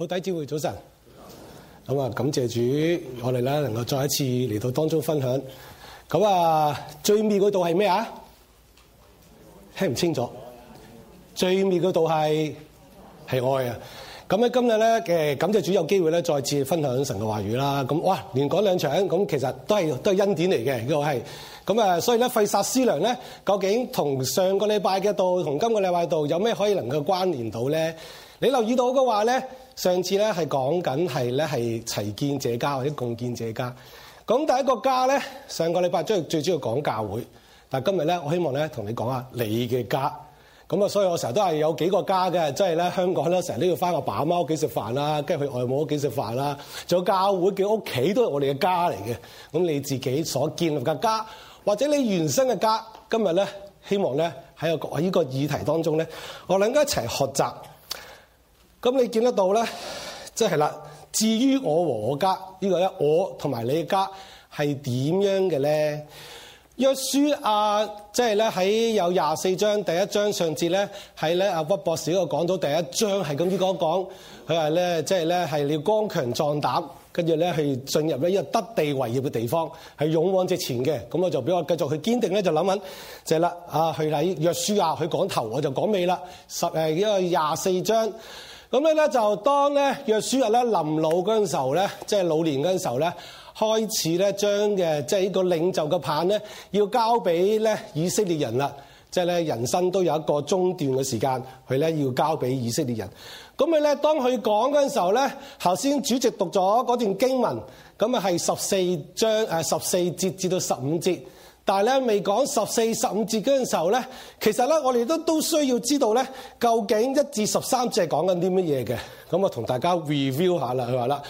好，底朝會早晨。咁啊，感謝主，我哋咧能夠再一次嚟到當中分享。咁啊，最尾嗰度係咩啊？聽唔清楚。最尾嗰度係係愛啊！咁咧今日咧嘅感謝主有機會咧再次分享神嘅話語啦。咁哇，連講兩場咁，其實都係都係恩典嚟嘅，個係。咁啊，所以咧費煞思量咧，究竟同上個禮拜嘅道同今個禮拜道有咩可以能夠關聯到咧？你留意到嘅話咧？上次咧係講緊係咧係齊建這家，或者共建這家。咁第一個家咧上個禮拜最最主要講教會，但係今日咧我希望咧同你講下你嘅家。咁啊所以我成日都係有幾個家嘅，即係咧香港咧成日都要翻個爸阿媽屋企食飯啦，跟住去外母屋企食飯啦，仲有教會嘅屋企都係我哋嘅家嚟嘅。咁你自己所建立嘅家，或者你原生嘅家，今日咧希望咧喺個呢個議題當中咧，我兩家一齊學習。咁你見得到咧，即係啦。至於我和我家，這個，我和我家呢個咧，我同埋你嘅家係點樣嘅咧？約書亞即係咧喺有廿四章第一章上節咧，係咧阿屈博士呢個講到第一章係咁樣講講，佢話咧即係咧係你要剛強壯膽，跟住咧去進入呢一個得地為業嘅地方，係勇往直前嘅。咁我就俾我繼續去堅定咧，就諗緊就係、是、啦。啊，去睇約書亞，佢、啊、講頭我就講尾啦。十呢一個廿四章。咁呢，咧就當咧約書亞咧臨老嗰陣時候咧，即係老年嗰陣時候咧，開始咧將嘅即係呢個領袖嘅棒咧，要交俾咧以色列人啦。即係咧人生都有一個中段嘅時間，佢咧要交俾以色列人。咁佢咧當佢講嗰陣時候咧，頭先主席讀咗嗰段經文，咁啊係十四章誒十四節至到十五節。但係咧，未講十四、十五節嗰陣時候咧，其實咧，我哋都都需要知道咧，究竟一至十三節係講緊啲乜嘢嘅。咁我同大家 review 下啦。佢話啦，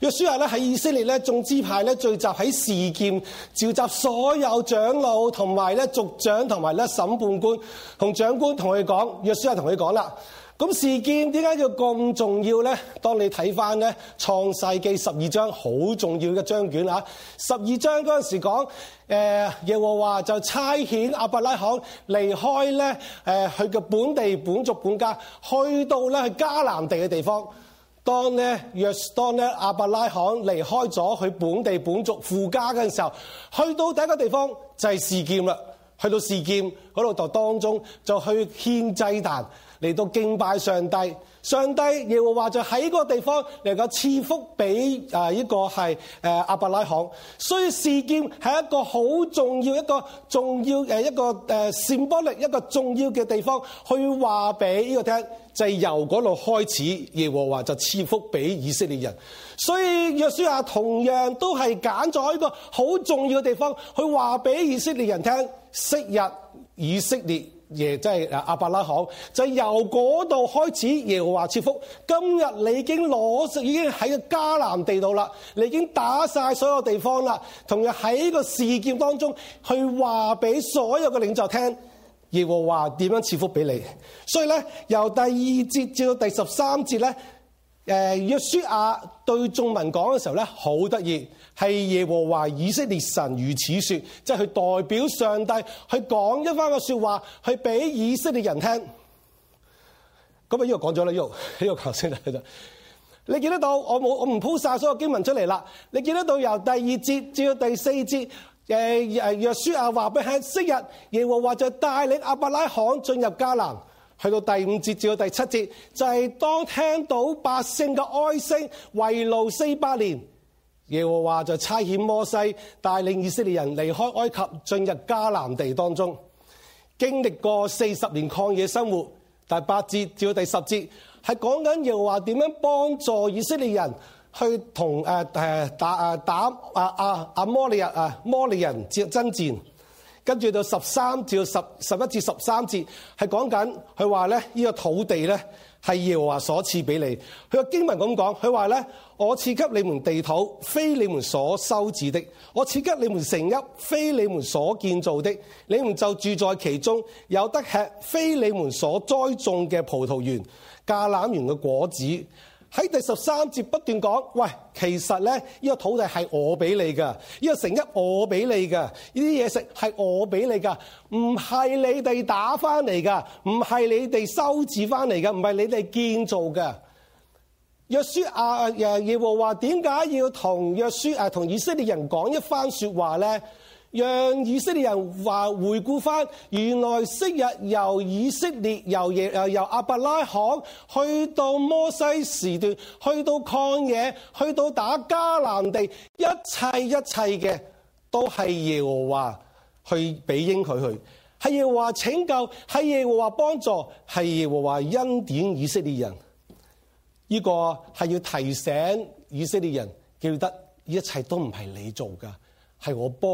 約書亞咧喺以色列咧眾支派咧聚集喺示劍，召集所有長老同埋咧族長同埋咧審判官同長官同佢講，約書亞同佢講啦。咁示劍點解叫咁重要咧？當你睇翻咧創世記十二章好重要嘅章卷啊！十二章嗰陣時講，耶和華就差遣阿伯拉罕離開咧誒佢嘅本地本族本家，去到咧迦南地嘅地方。當咧若當咧阿伯拉罕離開咗佢本地本族父家嘅時候，去到第一個地方就係示劍啦。去到示劍嗰度當中就去獻祭壇嚟到敬拜上帝，上帝，上帝耶和華就喺嗰個地方嚟到賜福俾啊呢個係誒亞伯拉罕，所以事件係一個好重要一個重要誒一個誒善播力一個重要嘅地方去話俾呢個聽，就係由嗰度開始耶和華就賜福俾以色列人，所以約書亞同樣都係揀咗一個好重要嘅地方去話俾以色列人聽，昔日以色列。耶，即、就、係、是、阿伯拉罕就是、由嗰度開始。耶和華賜福，今日你已經攞，已經喺迦南地度啦，你已經打晒所有地方啦，同樣喺個事件當中去話俾所有嘅領袖聽，耶和華點樣賜福俾你。所以呢，由第二節至到第十三節呢。誒約書亞對眾民講嘅時候咧，好得意，係耶和華以色列神如此說，即係去代表上帝去講一番個說話，去俾以色列人聽。咁、呢、啊、個，呢、呢個講咗啦，呢、呢個呢個頭先你見得到我冇我唔鋪晒所有經文出嚟啦。你見得到由第二節至到第四節，誒誒約書亞話俾係昔日，耶和華就帶領亞伯拉罕進入迦南。去到第五節至到第七節，就係、是、當聽到百姓嘅哀聲，為路四百年，耶和華就差遣摩西帶領以色列人離開埃及，進入迦南地當中，經歷過四十年曠野生活。第八節至到第十節係講緊耶和華點樣幫助以色列人去同誒、啊、打誒、啊、打啊啊摩利人亞摩利人接爭戰。跟住到十三至十十一至十三節，係講緊佢話呢呢個土地呢，係耶和華所賜俾你。佢個經文咁講，佢話呢，我賜給你們地土，非你們所修治的；我賜給你們城邑，非你們所建造的。你們就住在其中，有得吃，非你們所栽種嘅葡萄園、橄欖園嘅果子。喺第十三節不斷講，喂，其實咧，呢個土地係我俾你嘅，呢個城邑我俾你嘅，呢啲嘢食係我俾你嘅，唔係你哋打翻嚟嘅，唔係你哋修治翻嚟嘅，唔係你哋建造嘅。約書亞誒耶和華點解要同約書亞同以色列人講一番說話咧？讓以色列人話回顧返，原來昔日由以色列、由耶、由亞伯拉罕去到摩西時段，去到曠野，去到打迦南地，一切一切嘅都係耶和華去俾應佢去，係耶和華拯救，係耶和華幫助，係耶和華恩典以色列人。呢、這個係要提醒以色列人，記得一切都唔係你做㗎。係我幫，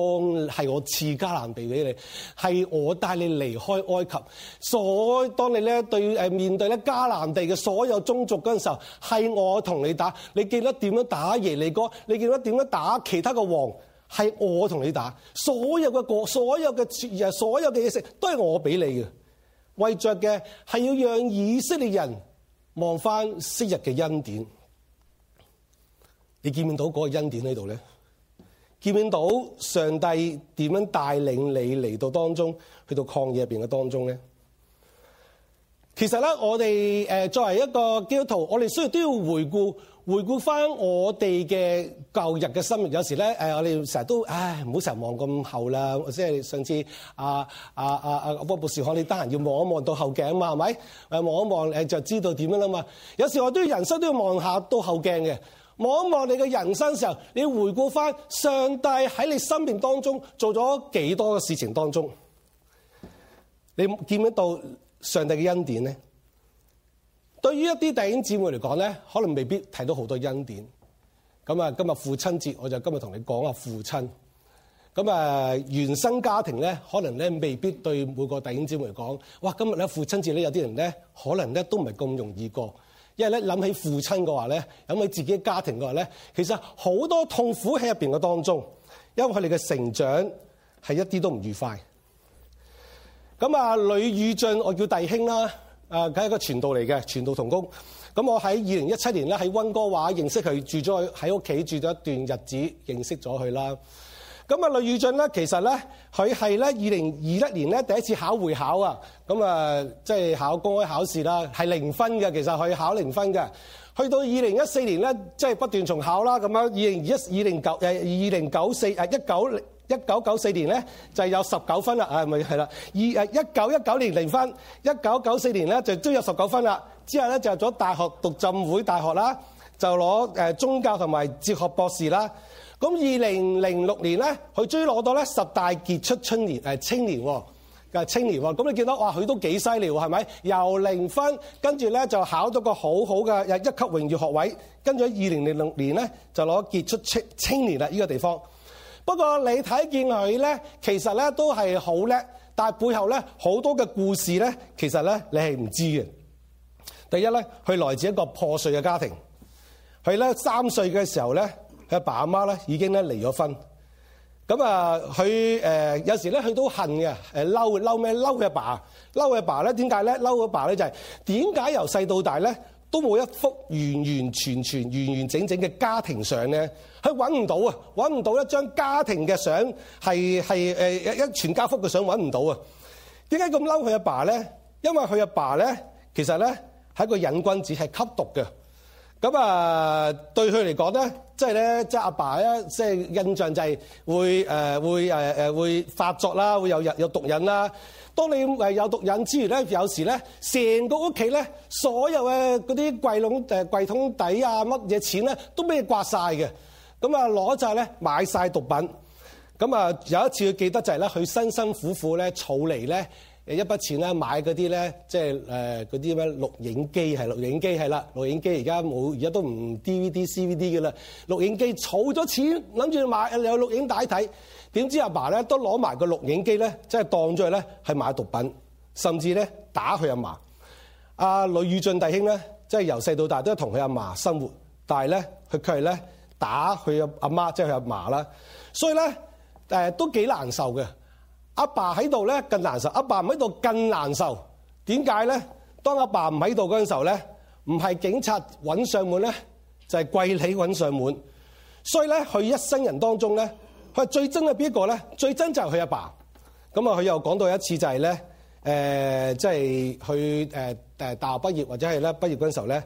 係我賜迦南地俾你，係我帶你離開埃及。所以當你咧對誒面對咧迦南地嘅所有宗族嗰陣時候，係我同你打。你記得點樣打耶利哥？你記得點樣打其他嘅王？係我同你打。所有嘅國，所有嘅節日，所有嘅嘢食，都係我俾你嘅。為着嘅係要讓以色列人望翻昔日嘅恩典。你見唔見到嗰個恩典喺度咧？見到上帝點樣帶領你嚟到當中，去到曠野入邊嘅當中咧？其實咧，我哋誒作為一個基督徒，我哋需要都要回顧，回顧翻我哋嘅舊日嘅生命。有時咧，誒我哋成日都唉，唔好成日望咁後啦。即係上次啊啊啊啊，郭博士，我寶寶你得閒要望一望到後鏡啊嘛，係咪？誒望一望誒就知道點樣啦嘛。有時我都要人生都要望下到後鏡嘅。望望你嘅人生時候，你要回顧翻上帝喺你生命當中做咗幾多嘅事情當中，你見唔見到上帝嘅恩典咧？對於一啲弟兄姊妹嚟講咧，可能未必睇到好多恩典。咁啊，今日父親節，我就今日同你講下父親。咁啊，原生家庭咧，可能咧未必對每個弟兄姊妹嚟講。哇，今日咧父親節咧，有啲人咧可能咧都唔係咁容易過。因為咧諗起父親嘅話咧，諗起自己嘅家庭嘅話咧，其實好多痛苦喺入邊嘅當中，因為佢哋嘅成長係一啲都唔愉快。咁啊，呂宇俊，我叫弟兄啦，誒，佢係一個傳道嚟嘅，傳道同工。咁我喺二零一七年咧，喺溫哥華認識佢，住咗喺屋企住咗一段日子，認識咗佢啦。咁啊，雷宇俊咧，其實咧，佢係咧二零二一年咧第一次考會考啊，咁啊，即係考公開考試啦，係零分嘅，其實佢考零分嘅。去到二零一四年咧，即係不斷重考啦，咁樣二零二二零九誒二零九四啊一九一九九四年咧就係有十九分啦，係咪係啦，二誒一九一九年零分，一九九四年咧就都有十九分啦，之後咧就入咗大學讀浸會大學啦。就攞誒宗教同埋哲學博士啦。咁二零零六年咧，佢終於攞到咧十大傑出青年誒青年嘅青年喎。咁你見到哇，佢都幾犀利喎，係咪？由零分跟住咧就考到個好好嘅一級榮譽學位，跟住喺二零零六年咧就攞傑出青青年啦呢個地方。不過你睇見佢咧，其實咧都係好叻，但係背後咧好多嘅故事咧，其實咧你係唔知嘅。第一咧，佢來自一個破碎嘅家庭。佢咧三歲嘅時候咧，佢阿爸阿媽咧已經咧離咗婚。咁啊，佢誒有時咧，佢都恨嘅，誒嬲嬲咩嬲佢阿爸，嬲佢阿爸咧點解咧嬲佢阿爸咧就係點解由細到大咧都冇一幅完完全全、完完整整嘅家庭相咧，佢揾唔到啊，揾唔到一張家庭嘅相，係係誒一全家福嘅相揾唔到啊！點解咁嬲佢阿爸咧？因為佢阿爸咧其實咧係一個隱君子，係吸毒嘅。咁啊，對佢嚟講咧，即係咧，即係阿爸咧，即係印象就係會誒、呃、會誒、呃、會發作啦，會有有有毒癮啦。當你有毒癮之餘咧，有時咧，成個屋企咧，所有嘅嗰啲櫃籠誒櫃桶底啊，乜嘢錢咧，都俾佢刮晒嘅。咁啊，攞曬咧，買晒毒品。咁啊，有一次佢記得就係、是、咧，佢辛辛苦苦咧，儲嚟咧。誒一筆錢咧買嗰啲咧，即係誒嗰啲咩錄影機係錄影機係啦，錄影機而家冇，而家都唔 DVD、CVD 嘅啦。錄影機儲咗錢，諗住買有錄影帶睇，點知阿爸咧都攞埋個錄影機咧，即係當咗去咧係買毒品，甚至咧打佢阿嫲。阿呂宇俊弟兄咧，即係由細到大都係同佢阿嫲生活，但係咧佢佢係咧打佢阿阿媽即係佢阿嫲啦，所以咧誒都幾難受嘅。阿爸喺度咧更難受，阿爸唔喺度更難受。點解咧？當阿爸唔喺度陣時候咧，唔係警察揾上門咧，就係貴利揾上門。所以咧，佢一生人當中咧，佢最憎係邊一個咧？最憎就係佢阿爸。咁啊，佢又講到一次就係、是、咧，誒、呃，即係佢誒誒大學畢業或者係咧畢業陣時候咧，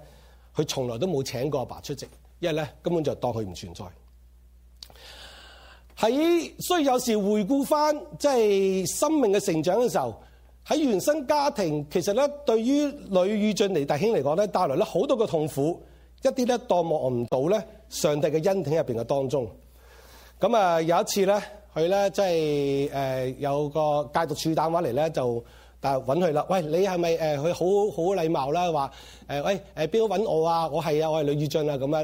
佢從來都冇請過阿爸，爸出席，因為咧根本就當佢唔存在。喺所以有時回顧翻即係生命嘅成長嘅時候，喺原生家庭其實咧對於呂宇俊嚟大兄嚟講咧帶來咧好多嘅痛苦，一啲咧當望唔到咧上帝嘅恩典入面嘅當中。咁啊有一次咧，佢咧即係誒有個戒毒處打電話嚟咧就但揾佢啦，喂，你係咪誒，佢好好禮貌啦話，誒，喂，誒邊度揾我啊？我係啊，我係呂宇俊啊，咁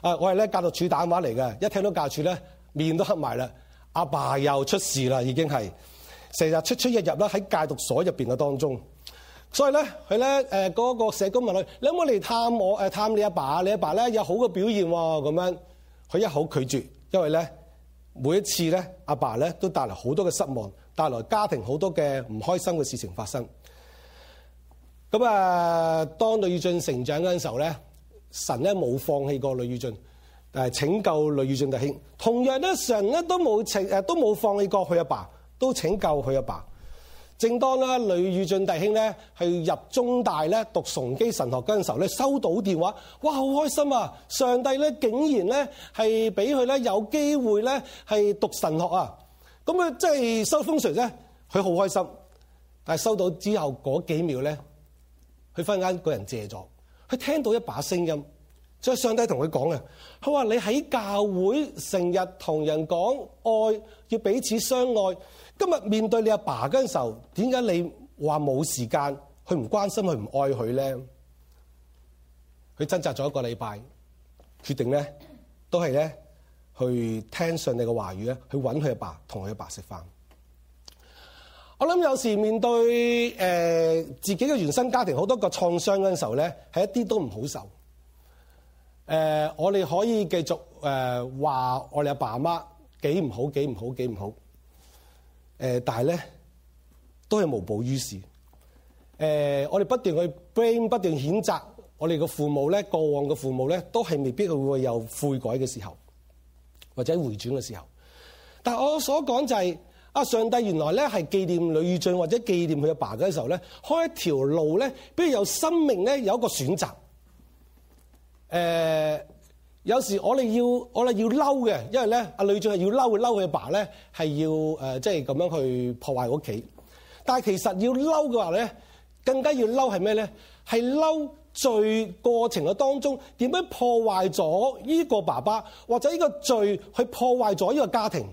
啊我係咧戒毒處打電話嚟嘅，一聽到戒毒處咧。面都黑埋啦，阿爸，爸又出事啦，已經係成日出出入入啦，喺戒毒所入邊嘅當中。所以咧，佢咧，誒、呃，嗰個社工問佢：你有冇嚟探我？誒、呃，探你阿爸，爸你阿爸咧有好嘅表現喎、哦。咁樣，佢一口拒絕，因為咧，每一次咧，阿爸咧都帶來好多嘅失望，帶來家庭好多嘅唔開心嘅事情發生。咁啊、呃，當呂宇俊成長嗰陣時候咧，神咧冇放棄過呂宇俊。誒拯救雷宇俊弟兄，同樣咧，神咧都冇請誒，都冇放棄過佢阿爸，都拯救佢阿爸。正當呢，雷宇俊弟兄咧係入中大咧讀崇基神學嗰陣時候咧，收到電話，哇，好開心啊！上帝咧竟然咧係俾佢咧有機會咧係讀神學啊！咁啊，即係收風水咧，佢好開心。但係收到之後嗰幾秒咧，佢忽然間個人謝咗，佢聽到一把聲音，所以上帝同佢講啊，佢話你喺教會成日同人講愛，要彼此相愛。今日面對你阿爸嗰陣時候，點解你話冇時間？佢唔關心，佢唔愛佢咧？佢掙扎咗一個禮拜，決定咧都係咧去聽信你嘅話語咧，去揾佢阿爸，同佢阿爸食飯。我諗有時面對誒、呃、自己嘅原生家庭好多個創傷嗰陣時候咧，係一啲都唔好受。誒、呃，我哋可以繼續誒話、呃、我哋阿爸阿媽幾唔好幾唔好幾唔好，誒、呃，但係咧都係無補於事。誒、呃，我哋不斷去 blame，不斷譴責我哋嘅父母咧，過往嘅父母咧，都係未必會會有悔改嘅時候，或者回轉嘅時候。但係我所講就係啊上帝原來咧係紀念李宇俊或者紀念佢阿爸嘅時候咧，開一條路咧，必如有生命咧有一個選擇。誒、呃、有時我哋要我哋要嬲嘅，因為咧，阿女俊係要嬲，嬲佢阿爸咧係要誒，即係咁樣去破壞屋企。但係其實要嬲嘅話咧，更加要嬲係咩咧？係嬲罪過程嘅當中點樣破壞咗依個爸爸，或者呢個罪去破壞咗依個家庭？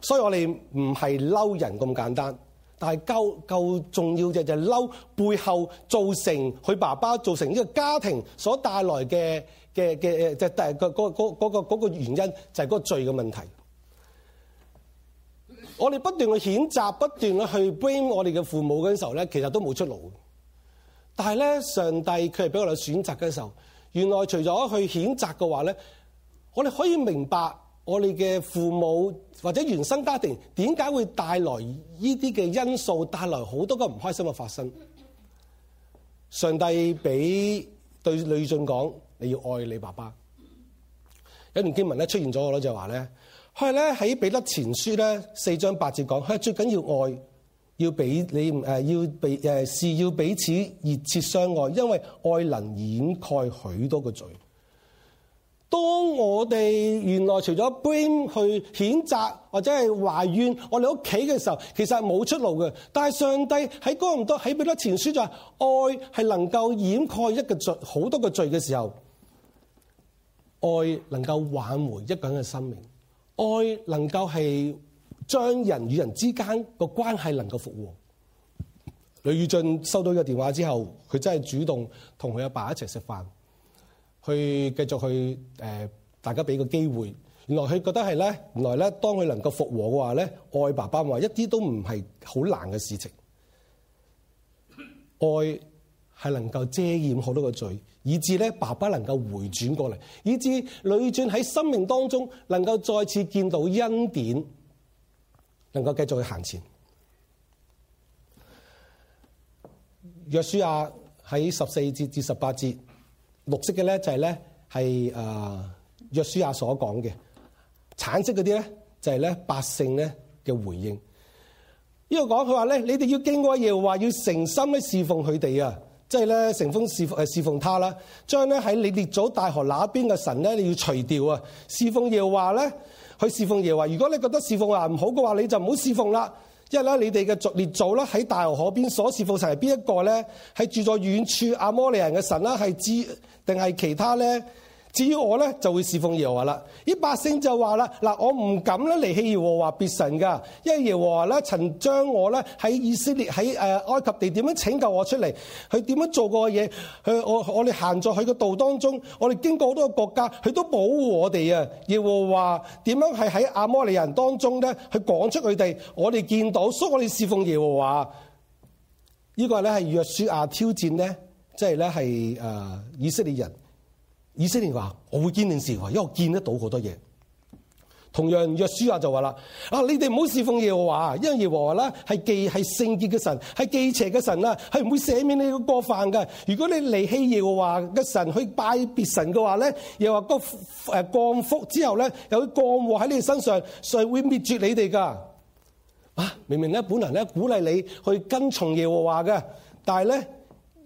所以我哋唔係嬲人咁簡單。但係夠夠重要嘅就係嬲背後造成佢爸爸造成呢個家庭所帶來嘅嘅嘅就係個個個嗰個嗰個原因就係嗰個罪嘅問題。我哋不斷去譴責、不斷去 blame 我哋嘅父母嘅時候咧，其實都冇出路。但係咧，上帝佢係俾我哋選擇嘅時候，原來除咗去譴責嘅話咧，我哋可以明白。我哋嘅父母或者原生家庭，點解會帶來呢啲嘅因素，帶來好多個唔開心嘅發生？上帝俾對女俊講，你要愛你爸爸。有段經文咧出現咗我咯，就係話咧，佢係咧喺彼得前書咧四章八節講，佢最緊要愛，要俾你誒要俾誒是要彼此熱切相愛，因為愛能掩蓋許多嘅罪。當我哋原來除咗 bring 去譴責或者係懷怨我哋屋企嘅時候，其實係冇出路嘅。但係上帝喺嗰咁多喺彼得前書就話，愛係能夠掩蓋一個罪好多個罪嘅時候，愛能夠挽回一個人嘅生命，愛能夠係將人與人之間個關係能夠復和。李宇俊收到呢個電話之後，佢真係主動同佢阿爸一齊食飯。去繼續去誒，大家俾個機會原他。原來佢覺得係咧，原來咧，當佢能夠復和嘅話咧，愛爸爸話一啲都唔係好難嘅事情。愛係能夠遮掩好多個罪，以至咧爸爸能夠回轉過嚟，以致女轉喺生命當中能夠再次見到恩典，能夠繼續去行前。約書亞喺十四節至十八節。綠色嘅咧就係咧係啊約書亞所講嘅，橙色嗰啲咧就係咧百姓咧嘅回應。呢度講佢話咧，你哋要敬畏耶和華，要誠心咧侍奉佢哋啊，即係咧誠心侍奉侍奉他啦、就是。將咧喺你列祖大河那邊嘅神咧，你要除掉啊！侍奉耶和華咧，去侍奉耶和華。如果你覺得侍奉啊唔好嘅話，你就唔好侍奉啦。一為你哋嘅族列祖咧喺大河河邊所侍奉神，係邊一個咧？係住在遠處阿摩利人嘅神啦，係之定係其他咧？至於我咧就會侍奉耶和華啦！啲百姓就話啦：嗱，我唔敢咧離棄耶和華別神㗎，因為耶和華咧曾將我咧喺以色列喺誒埃及地點樣拯救我出嚟，佢點樣做過嘢？佢我我哋行咗去個道當中，我哋經過好多個國家，佢都保護我哋啊！耶和華點樣係喺亞摩利人當中咧？佢講出佢哋，我哋見到，所以我哋侍奉耶和華。呢、這個咧係約書亞挑戰咧，即係咧係誒以色列人。以色列話：我會堅定事，因為我見得到好多嘢。同樣，約書亞就話啦：啊，你哋唔好侍奉耶和華，因為耶和華咧係既係聖潔嘅神，係忌邪嘅神啊，係唔會赦免你個過犯噶。如果你離棄耶和華嘅神去拜別神嘅話咧，又話降誒降福之後咧，又會降禍喺你哋身上，神會滅絕你哋噶。啊，明明咧，本能咧鼓勵你去跟從耶和華嘅，但係咧。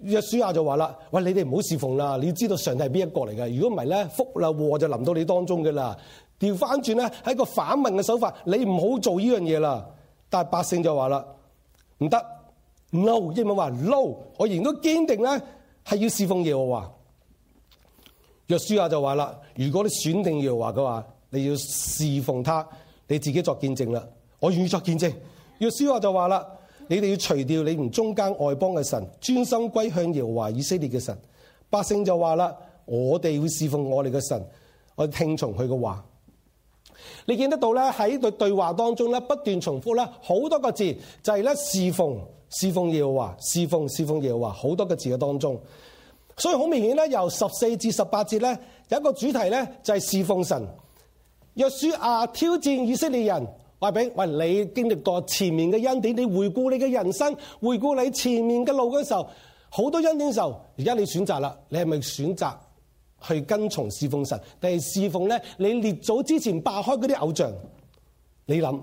約書亞就話啦：喂，你哋唔好侍奉啦！你要知道上帝係邊一個嚟嘅，如果唔係咧，福啦禍就臨到你當中嘅啦。調翻轉咧，係一個反問嘅手法，你唔好做呢樣嘢啦。但係百姓就話啦：唔得，no，英文話 no，我仍然都堅定咧係要侍奉耶和華。約書亞就話啦：如果你選定耶和華嘅話，你要侍奉他，你自己作見證啦。我願意作見證。約書亞就話啦。你哋要除掉你哋中間外邦嘅神，專心歸向耶和華以色列嘅神。百姓就話啦：，我哋會侍奉我哋嘅神，我聽從佢嘅話。你見得到咧？喺對對話當中咧，不斷重複咧，好多個字就係咧侍奉、侍奉耶和華、侍奉、侍奉耶和華，好多個字嘅當中。所以好明顯咧，由十四至十八節咧，有一個主題咧，就係侍奉神。約書亞、啊、挑戰以色列人。話俾喂，你經歷過前面嘅恩典，你回顧你嘅人生，回顧你前面嘅路嘅時候，好多恩典嘅時候，而家你選擇啦，你係咪選擇去跟從侍奉神，定係侍奉咧？你列祖之前爆開嗰啲偶像，你諗？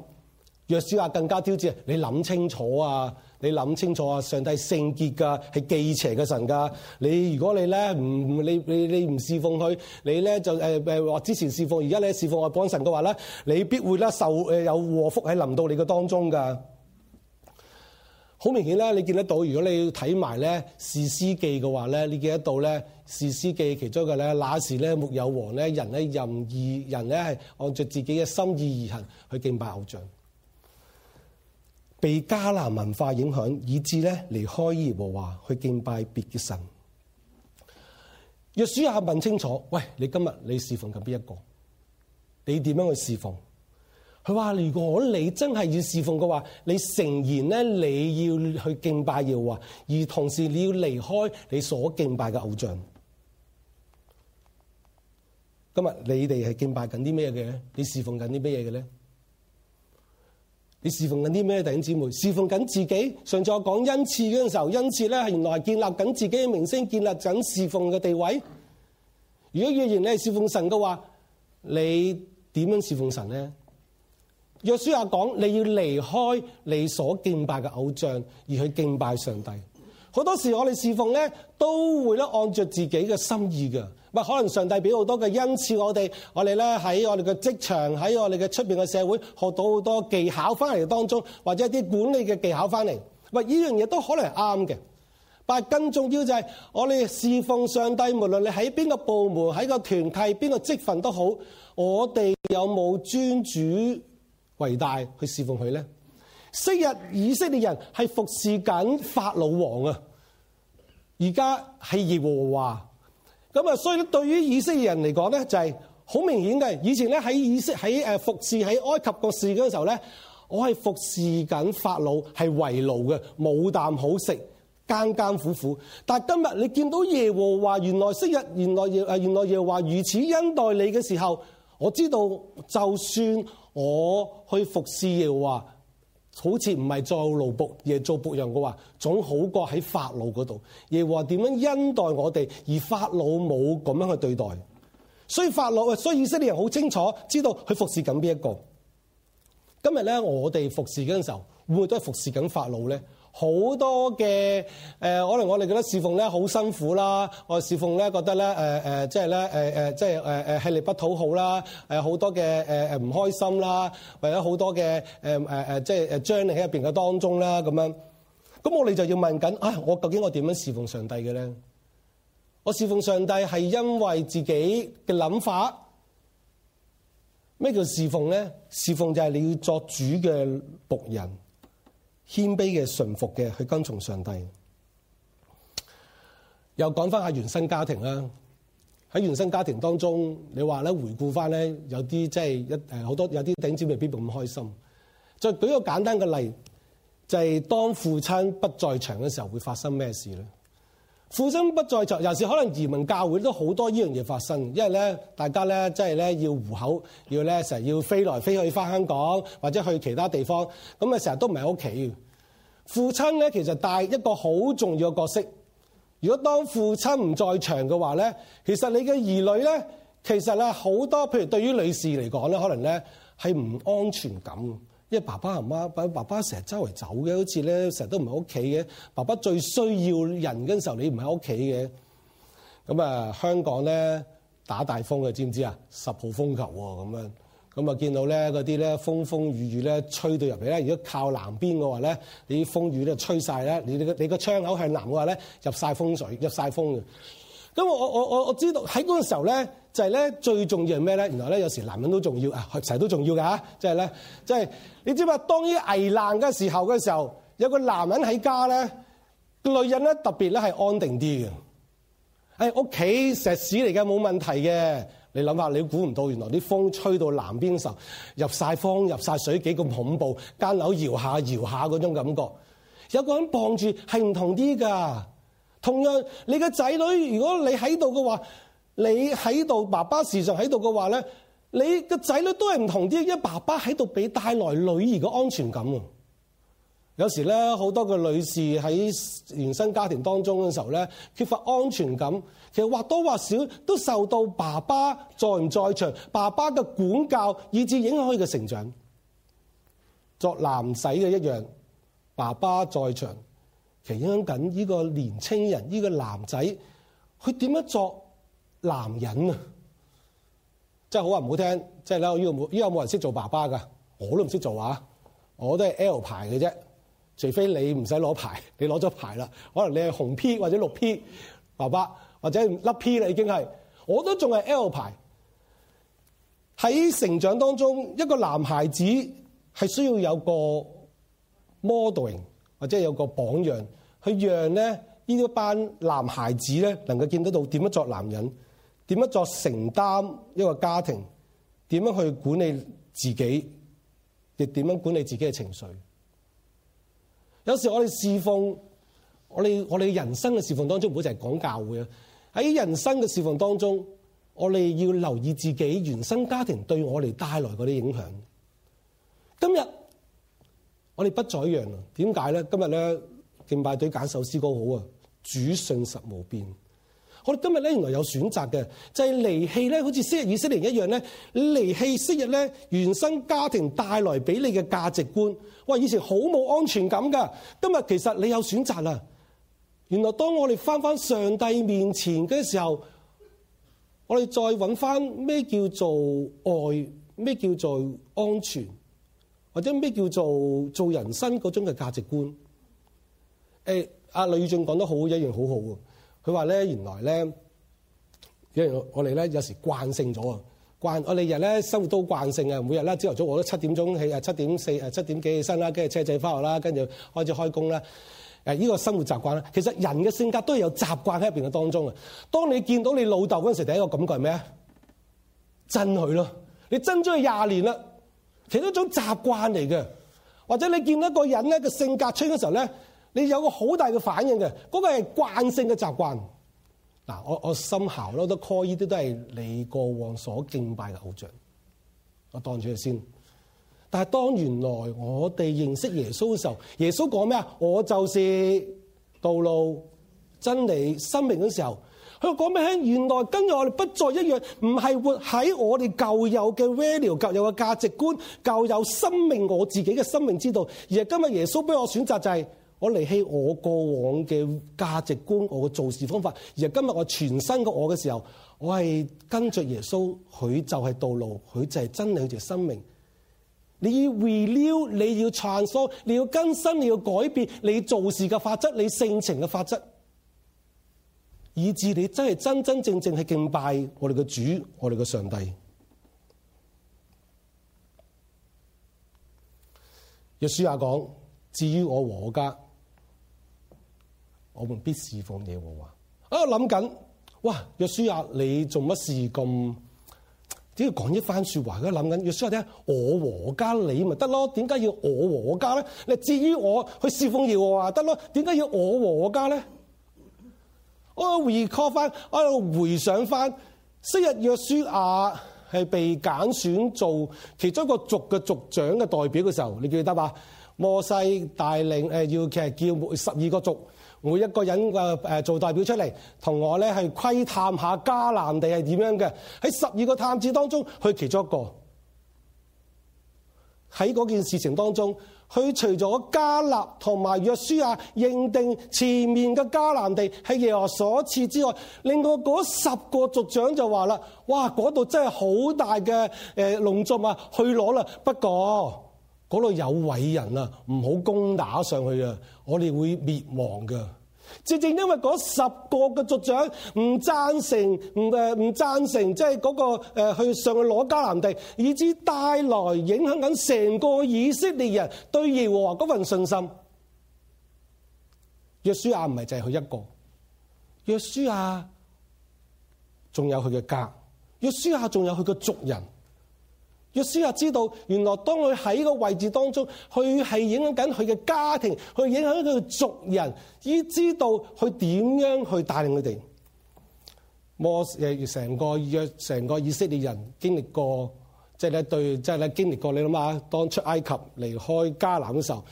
約書亞更加挑戰，你諗清楚啊！你諗清楚啊！上帝聖潔噶，係忌邪嘅神噶。你如果你咧唔你你你唔侍奉佢，你咧就誒誒話之前侍奉，而家你侍奉外邦神嘅話咧，你必會咧受誒、呃、有禍福喺臨到你嘅當中噶。好明顯咧，你見得到，如果你睇埋咧《士師記》嘅話咧，你見得到咧《士師記》其中嘅咧，那時咧沒有王咧，人咧任意人咧係按照自己嘅心意而行去敬拜偶像。被迦南文化影響，以致咧離開耶和華去敬拜別嘅神。約書亞問清楚，喂，你今日你侍奉緊邊一個？你點樣去侍奉？佢話，如果你真係要侍奉嘅話，你誠然咧你要去敬拜耶和華，而同時你要離開你所敬拜嘅偶像。今日你哋係敬拜緊啲咩嘅？你侍奉緊啲咩嘢嘅咧？你侍奉緊啲咩，弟兄姊妹？侍奉緊自己。上次我講恩賜嗰陣時候，恩賜咧係原來係建立緊自己嘅名聲，建立緊侍奉嘅地位。如果若然你係侍奉神嘅話，你點樣侍奉神咧？約書亞講，你要離開你所敬拜嘅偶像，而去敬拜上帝。好多時我哋侍奉咧都會咧按著自己嘅心意㗎。可能上帝俾好多嘅恩賜我哋，我哋咧喺我哋嘅職場，喺我哋嘅出面嘅社會學到好多技巧翻嚟，當中或者一啲管理嘅技巧翻嚟。唔係呢樣嘢都可能係啱嘅，但係更重要就係我哋侍奉上帝，無論你喺邊個部門、喺個團體邊個職份都好，我哋有冇尊主為大去侍奉佢咧？昔日以色列人係服侍緊法老王啊，而家係耶和華。咁啊，所以咧對於以色列人嚟講咧，就係、是、好明顯嘅。以前咧喺以色列喺誒服侍喺埃及國事嗰陣時候咧，我係服侍緊法老，係為奴嘅，冇啖好食，艱艱苦苦。但係今日你見到耶和華原來昔日原來耶誒原來耶和華如此恩待你嘅時候，我知道就算我去服侍耶和華。好似唔係做奴僕，而做僕人嘅話，總好過喺法老嗰度。耶和華點樣恩待我哋，而法老冇咁樣去對待，所以法老啊，所以以色列人好清楚知道佢服侍緊邊一個。今日咧，我哋服侍嗰陣時候，會唔會都係服侍緊法老咧？好多嘅誒，可、呃、能我哋覺得侍奉咧好辛苦啦，我侍奉咧覺得咧誒、呃呃、即係咧誒即係誒誒，吃、呃、力、呃呃、不討好啦，誒、呃、好多嘅誒唔開心啦，或者好多嘅誒、呃呃、即係誒將你喺入邊嘅當中啦，咁樣。咁我哋就要問緊啊、哎，我究竟我點樣侍奉上帝嘅咧？我侍奉上帝係因為自己嘅諗法。咩叫侍奉咧？侍奉就係你要作主嘅僕人。謙卑嘅、順服嘅，去跟從上帝。又講翻下原生家庭啦，喺原生家庭當中，你話咧回顧翻咧，有啲即係一誒好多有啲頂子未必會咁開心。再舉一個簡單嘅例，就係、是、當父親不在場嘅時候，會發生咩事咧？父親不在場，尤其是可能移民教會都好多呢樣嘢發生，因為咧大家咧即係咧要糊口要咧成日要飛來飛去返香港或者去其他地方，咁啊，成日都唔喺屋企。父親咧，其實帶一個好重要嘅角色，如果當父親唔在場嘅話咧，其實你嘅兒女咧其實啊好多，譬如對於女士嚟講咧，可能咧係唔安全感。因為爸爸同媽媽，爸爸成日周圍走嘅，好似咧成日都唔喺屋企嘅。爸爸最需要人嘅時候，你唔喺屋企嘅。咁啊，香港咧打大風嘅，知唔知啊？十號風球喎，咁樣咁啊，見到咧嗰啲咧風風雨雨咧吹到入嚟咧。如果靠南邊嘅話咧，你啲風雨咧吹晒。咧，你你個你個窗口係南嘅話咧，入晒風水，入晒風嘅。因為我我我我知道喺嗰個時候咧。就係咧，最重要係咩咧？原來咧，有時男人都重要啊，學齊都重要嘅嚇。即係咧，即係你知嘛？當於危難嘅時候嘅時候，有個男人喺家咧，個女人咧特別咧係安定啲嘅。喺屋企石屎嚟嘅冇問題嘅。你諗下，你估唔到原來啲風吹到南邊嘅時候，入晒風入晒水幾咁恐怖，間樓搖下搖下嗰種感覺。有個人傍住係唔同啲㗎。同樣你嘅仔女，如果你喺度嘅話。你喺度，爸爸時常喺度嘅話咧，你個仔女都係唔同啲，因為爸爸喺度俾帶來女兒嘅安全感。有時咧，好多嘅女士喺原生家庭當中嘅時候咧，缺乏安全感，其實或多或少都受到爸爸在唔在場、爸爸嘅管教，以致影響佢嘅成長。作男仔嘅一樣，爸爸在場，其實影響緊呢個年青人，呢個男仔，佢點樣作？男人啊，真係好話唔好聽，即係咧。依個依家有冇人識做爸爸㗎？我都唔識做啊！我都係 L 牌嘅啫，除非你唔使攞牌，你攞咗牌啦。可能你係紅 P 或者綠 P 爸爸，或者甩 P 啦，已經係，我都仲係 L 牌。喺成長當中，一個男孩子係需要有個 modeling，或者有個榜樣去讓咧呢一班男孩子咧能夠見得到點樣作男人。點樣作承擔一個家庭？點樣去管理自己？亦點樣管理自己嘅情緒？有時我哋侍奉，我哋我哋人生嘅侍奉當中，唔好淨係講教會啊！喺人生嘅侍奉當中，我哋要留意自己原生家庭對我哋帶來嗰啲影響。今日我哋不再讓啊？點解咧？今日咧敬拜隊揀首詩歌好啊！主信實無變。我哋今日咧，原來有選擇嘅，就係離棄咧，好似昔日以色列一樣咧，離棄昔日咧原生家庭帶來俾你嘅價值觀。喂，以前好冇安全感㗎，今日其實你有選擇啦。原來當我哋返返上帝面前嘅時候，我哋再揾返咩叫做愛，咩叫做安全，或者咩叫做做人生嗰種嘅價值觀，哎。誒、呃，阿李俊講得好一樣，好好佢話咧，原來咧，因為我哋咧有時慣性咗啊，慣我哋日咧生活都慣性啊，每日咧朝頭早我都七點鐘起啊，七點四啊，七點幾起身啦，跟住車仔翻學啦，跟住開始開工啦。呢、呃、依、呢個生活習慣啦，其實人嘅性格都有習慣喺入邊嘅當中啊。當你見到你老豆嗰時，第一個感覺係咩啊？憎佢咯，你憎咗佢廿年啦，其實一種習慣嚟嘅。或者你見到一個人咧嘅性格出嘅時候咧。你有個好大嘅反應嘅嗰個係慣性嘅習慣嗱。我我心考咯，我得 call 依啲都係你過往所敬拜嘅偶像。我當住佢先，但係當原來我哋認識耶穌嘅時候，耶穌講咩啊？我就是道路、真理、生命嘅時候，佢講咩？原來跟住我哋不再一樣，唔係活喺我哋舊有嘅 value、舊有嘅價值觀、舊有生命我自己嘅生命之道，而係今日耶穌俾我選擇就係。我離棄我過往嘅價值觀，我嘅做事方法，而今日我全新嘅我嘅時候，我係跟着耶穌，佢就係道路，佢就係真理，佢就係生命。你要 review 你要穿索，你要更新，你要改變，你做事嘅法則，你性情嘅法則，以至你真係真真正正係敬拜我哋嘅主，我哋嘅上帝。約書亞講，至於我和我家。我們必侍奉耶和華。啊，我諗緊哇，約書亞，你做乜事咁？只要講一番説話，佢諗緊約書亞，聽我和家你咪得咯？點解要我和家咧？你至於我去侍奉耶和華得咯？點解要我和我家咧？我 recall 翻，我回想翻昔日約書亞係被揀選做其中一個族嘅族長嘅代表嘅時候，你記得吧？摩西帶領誒要其實叫十二個族。每一個人嘅誒做代表出嚟，同我哋去窺探下迦南地係點樣嘅。喺十二個探子當中，去其中一個喺嗰件事情當中，佢除咗迦拿同埋約書亞認定前面嘅迦南地係耶和華所賜之外，另外嗰十個族長就話啦：哇，嗰度真係好大嘅誒農作物，去攞啦。不過嗰度有偉人啊，唔好攻打上去啊。我哋會滅亡嘅，正正因為嗰十個嘅族長唔贊成，唔誒唔贊成，即係嗰個誒去、呃、上去攞迦南地，以至帶來影響緊成個以色列人對耶和華嗰份信心。約書亞唔係淨係佢一個，約書亞仲有佢嘅家，約書亞仲有佢嘅族人。約書亞知道，原來當佢喺個位置當中，佢係影響緊佢嘅家庭，去影響佢嘅族人，以知道佢點樣去帶領佢哋。摩成個約成個以色列人經歷過，即係咧對，即係咧經歷過。你諗下，當出埃及離開迦南嘅時候。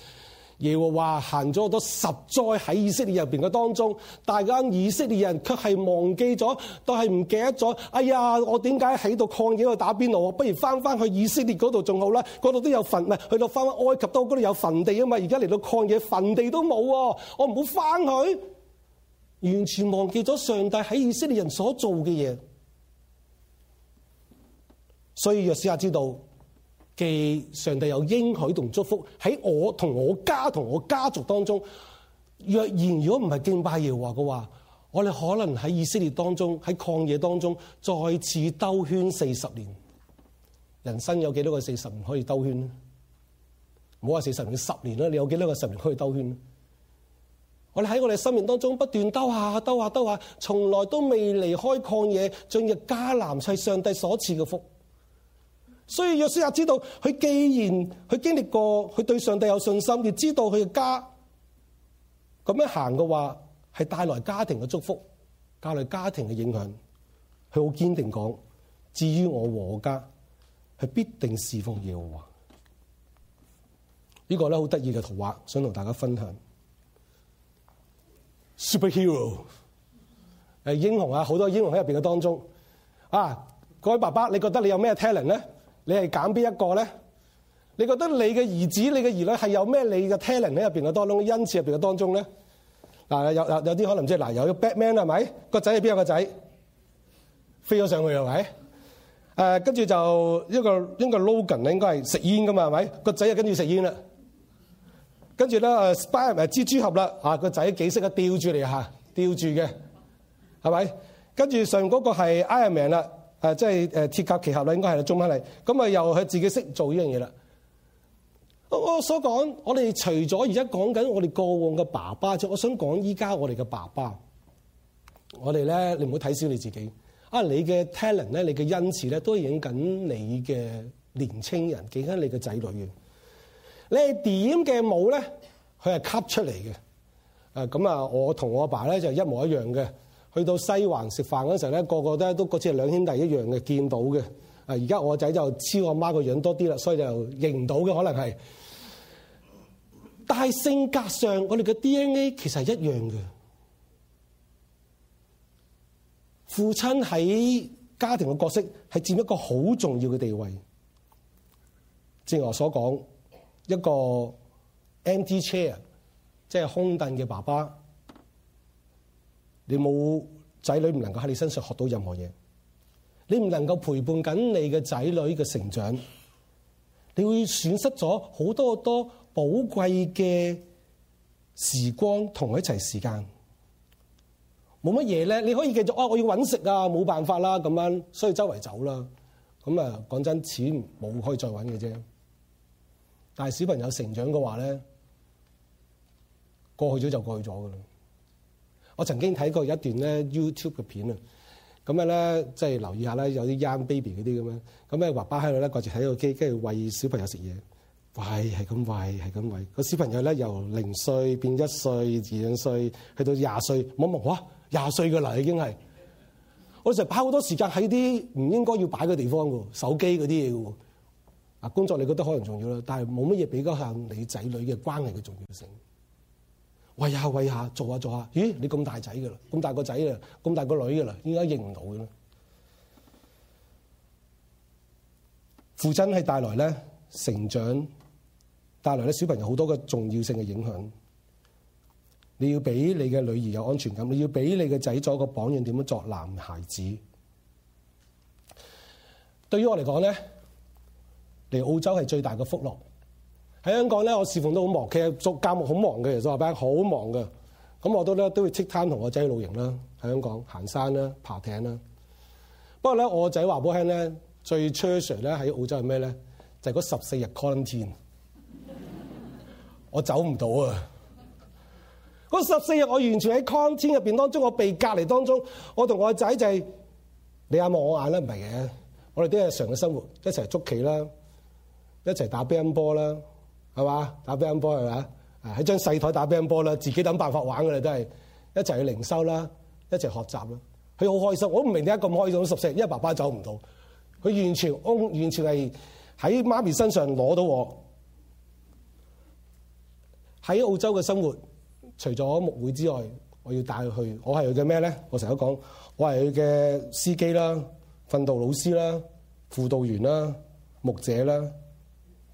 耶和華行咗多十載喺以色列入邊嘅當中，大家以色列人卻係忘記咗，都係唔記得咗。哎呀，我點解喺度抗嘢去打邊爐？不如翻翻去以色列嗰度仲好啦，嗰度都有墳，唔去到翻返埃及都嗰度有墳地啊嘛。而家嚟到抗嘢，墳地都冇，我唔好翻去，完全忘記咗上帝喺以色列人所做嘅嘢。所以若書亞知道。既上帝有應許同祝福喺我同我家同我家族當中，若然如果唔係敬拜耶和華嘅話，我哋可能喺以色列當中喺曠野當中再次兜圈四十年。人生有幾多個四十年可以兜圈咧？唔好話四十年，十年啦，你有幾多個十年可以兜圈？我哋喺我哋生命當中不斷兜下兜下兜下，從來都未離開曠野進入迦南，係上帝所賜嘅福。所以約書亞知道，佢既然佢經歷過，佢對上帝有信心，亦知道佢嘅家咁樣行嘅話，係帶來家庭嘅祝福，帶來家庭嘅影響。佢好堅定講：至於我和我家，係必定事奉耶和華。呢個咧，好得意嘅圖畫，想同大家分享。Superhero，誒英雄啊，好多英雄喺入面嘅當中。啊，各位爸爸，你覺得你有咩 talent 咧？你係揀邊一個咧？你覺得你嘅兒子、你嘅兒女係有咩你嘅 talent 喺入邊嘅當中、恩賜入邊嘅當中咧？嗱，有有有啲可能即係，嗱，有 Batman 係咪？個仔係邊有個仔？飛咗上去係咪？誒，跟、啊、住就一個一個 Logan 咧，應該係食煙㗎嘛係咪？個仔就跟住食煙啦。跟住咧 Spider 係蜘蛛俠啦，嚇個仔幾識啊，吊住你嚇，吊住嘅係咪？跟住上嗰個係 Iron Man 啦。即係誒鐵甲奇俠啦，應該係啦，中翻嚟。咁咪又佢自己識做呢樣嘢啦。我所講，我哋除咗而家講緊我哋過往嘅爸爸啫，我想講依家我哋嘅爸爸，我哋咧，你唔好睇小你自己。啊，你嘅 talent 咧，你嘅恩慈咧，都影緊你嘅年青人，影緊你嘅仔女。你係點嘅舞咧？佢係吸出嚟嘅。誒，咁啊，我同我阿爸咧就一模一樣嘅。去到西環食飯嗰陣時候，咧，個個都都嗰次兩兄弟一樣嘅見到嘅。啊，而家我仔就黐我媽個樣多啲啦，所以就認唔到嘅可能係。但係性格上，我哋嘅 DNA 其實係一樣嘅。父親喺家庭嘅角色係佔一個好重要嘅地位。正如我所講，一個 empty chair，即係空凳嘅爸爸。你冇仔女唔能夠喺你身上學到任何嘢，你唔能夠陪伴緊你嘅仔女嘅成長，你會損失咗好多好多寶貴嘅時光同佢一齊時間。冇乜嘢咧，你可以繼續哦，我要搵食啊，冇辦法啦，咁樣所以周圍走啦。咁啊，講真，錢冇可以再搵嘅啫。但係小朋友成長嘅話咧，過去咗就過去咗噶啦。我曾經睇過一段咧 YouTube 嘅片啊，咁樣咧即係留意下咧有啲 young baby 嗰啲咁樣，咁咧爸爸喺度咧，各自睇個機，跟住餵小朋友食嘢，餵，係咁餵，係咁餵。個小朋友咧由零歲變一歲、二歲，去到廿歲，冇冇哇廿歲嘅啦已經係，我成日擺好多時間喺啲唔應該要擺嘅地方喎，手機嗰啲嘢喎，啊工作你覺得可能重要啦，但係冇乜嘢比較向你仔女嘅關係嘅重要性。喂下喂下，做下做下，咦？你咁大仔噶啦，咁大個仔噶啦，咁大個女噶啦，應該認唔到噶啦。父親係帶來咧成長，帶來咧小朋友好多嘅重要性嘅影響。你要俾你嘅女兒有安全感，你要俾你嘅仔作一個榜樣，點樣作男孩子。對於我嚟講咧，嚟澳洲係最大嘅福樂。喺香港咧，我侍奉都好忙，其實做教務好忙嘅，其實話畀大家好忙嘅，咁我都咧都會即攤同我仔去露營啦，喺香港行山啦、爬艇啦。不過咧，我仔話畀我聽咧最 cherish 咧喺澳洲係咩咧？就係嗰十四日 contain 我走唔到啊！嗰十四日我完全喺 contain 入邊當中，我被隔離當中，我同我仔就係、是、你眼望我眼啦，唔係嘅，我哋啲日常嘅生活，一齊捉棋啦，一齊打乒乓波啦。係嘛，打乒乓波係嘛，喺張細台打乒乓波啦，ball, 自己諗辦法玩噶啦，都係一齊去靈修啦，一齊學習啦，佢好開心，我唔明點解咁開心咁熟悉，因為爸爸走唔到，佢完全完全係喺媽咪身上攞到我。喺澳洲嘅生活，除咗牧會之外，我要帶佢去。我係佢嘅咩咧？我成日都講，我係佢嘅司機啦、訓導老師啦、輔導員啦、牧者啦、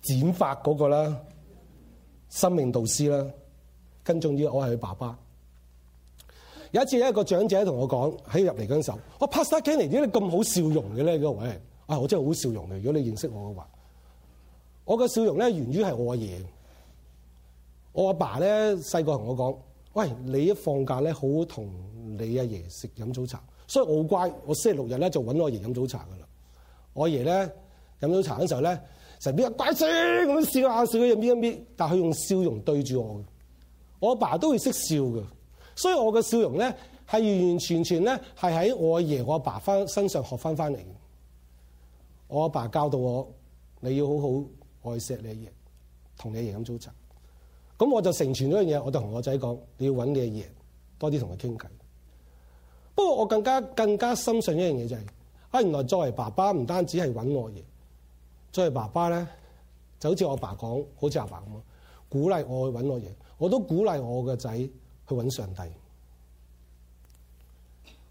剪髮嗰、那個啦。生命導師啦，跟蹤啲，我係佢爸爸。有一次有一個長者同我講，喺入嚟嗰陣我 Pastor Kenny，點解、oh, 你咁好笑容嘅咧？嗰位，啊，我真係好笑容嘅。如果你認識我嘅話，我嘅笑容咧源於係我阿爺。我阿爸咧細個同我講，喂，你一放假咧，好同你阿爺食飲早茶。所以我好乖，我星期六日咧就揾我阿爺飲早茶噶啦。我阿爺咧飲早茶嗰陣時候咧。成面怪死咁笑眼笑，佢又搣一搣，但係用笑容對住我嘅。我阿爸都會識笑嘅，所以我嘅笑容咧係完完全全咧係喺我阿爺我阿爸翻身上學翻翻嚟。我阿爸，爸教到我，你要好好愛錫你阿爺，同你阿爺咁糟集。咁我就承傳呢樣嘢，我就同我仔講，你要搵你阿爺多啲同佢傾偈。不過我更加更加深信一樣嘢就係，啊原來作為爸爸唔單止係搵我爺。作為爸爸咧，就好似我爸講，好似阿爸咁咯，鼓勵我去揾我嘢。我都鼓勵我個仔去揾上帝。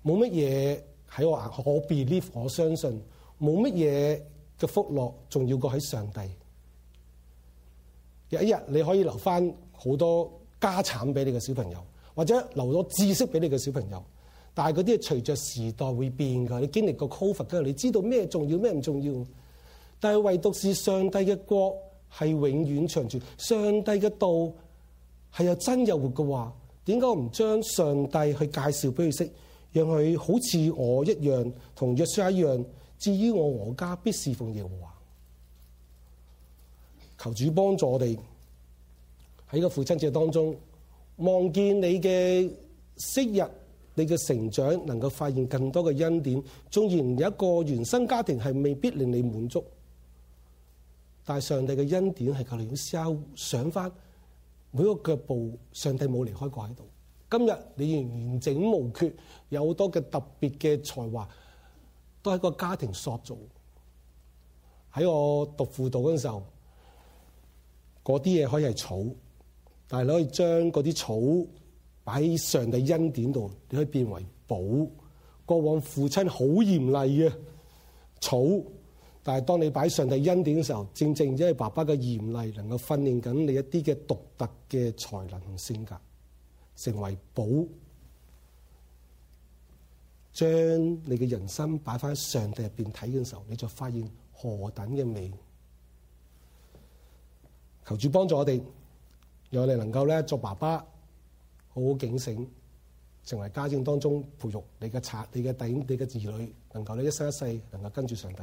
冇乜嘢喺我眼，我 believe 我相信，冇乜嘢嘅福樂，重要過喺上帝。有一日你可以留翻好多家產俾你嘅小朋友，或者留咗知識俾你嘅小朋友，但係嗰啲係隨着時代會變噶。你經歷過 covid 嘅，你知道咩重要，咩唔重要。但係唯獨是上帝嘅國係永遠長存，上帝嘅道係有真有活嘅話，點解我唔將上帝去介紹俾佢識，讓佢好似我一樣同約書亞一樣？至於我和我家，必侍奉耶和華，求主幫助我哋喺個父親節當中望見你嘅昔日、你嘅成長，能夠發現更多嘅恩典。縱然有一個原生家庭係未必令你滿足。但係上帝嘅恩典係教你要想想翻每個腳步，上帝冇離開過喺度。今日你仍完整無缺，有好多嘅特別嘅才華，都係個家庭塑造。喺我讀輔導嗰陣時候，嗰啲嘢可以係草，但係你可以將嗰啲草擺喺上帝恩典度，你可以變為寶。過往父親好嚴厲嘅草。但係，當你擺上帝嘅恩典嘅時候，正正因為爸爸嘅嚴厲能夠訓練緊你一啲嘅獨特嘅才能同性格，成為寶。將你嘅人生擺翻上帝入面睇嘅時候，你就發現何等嘅美。求主幫助我哋，讓我哋能夠咧做爸爸，好好警醒，成為家政當中培育你嘅策、你嘅弟、你嘅兒女，能夠咧一生一世能夠跟住上帝。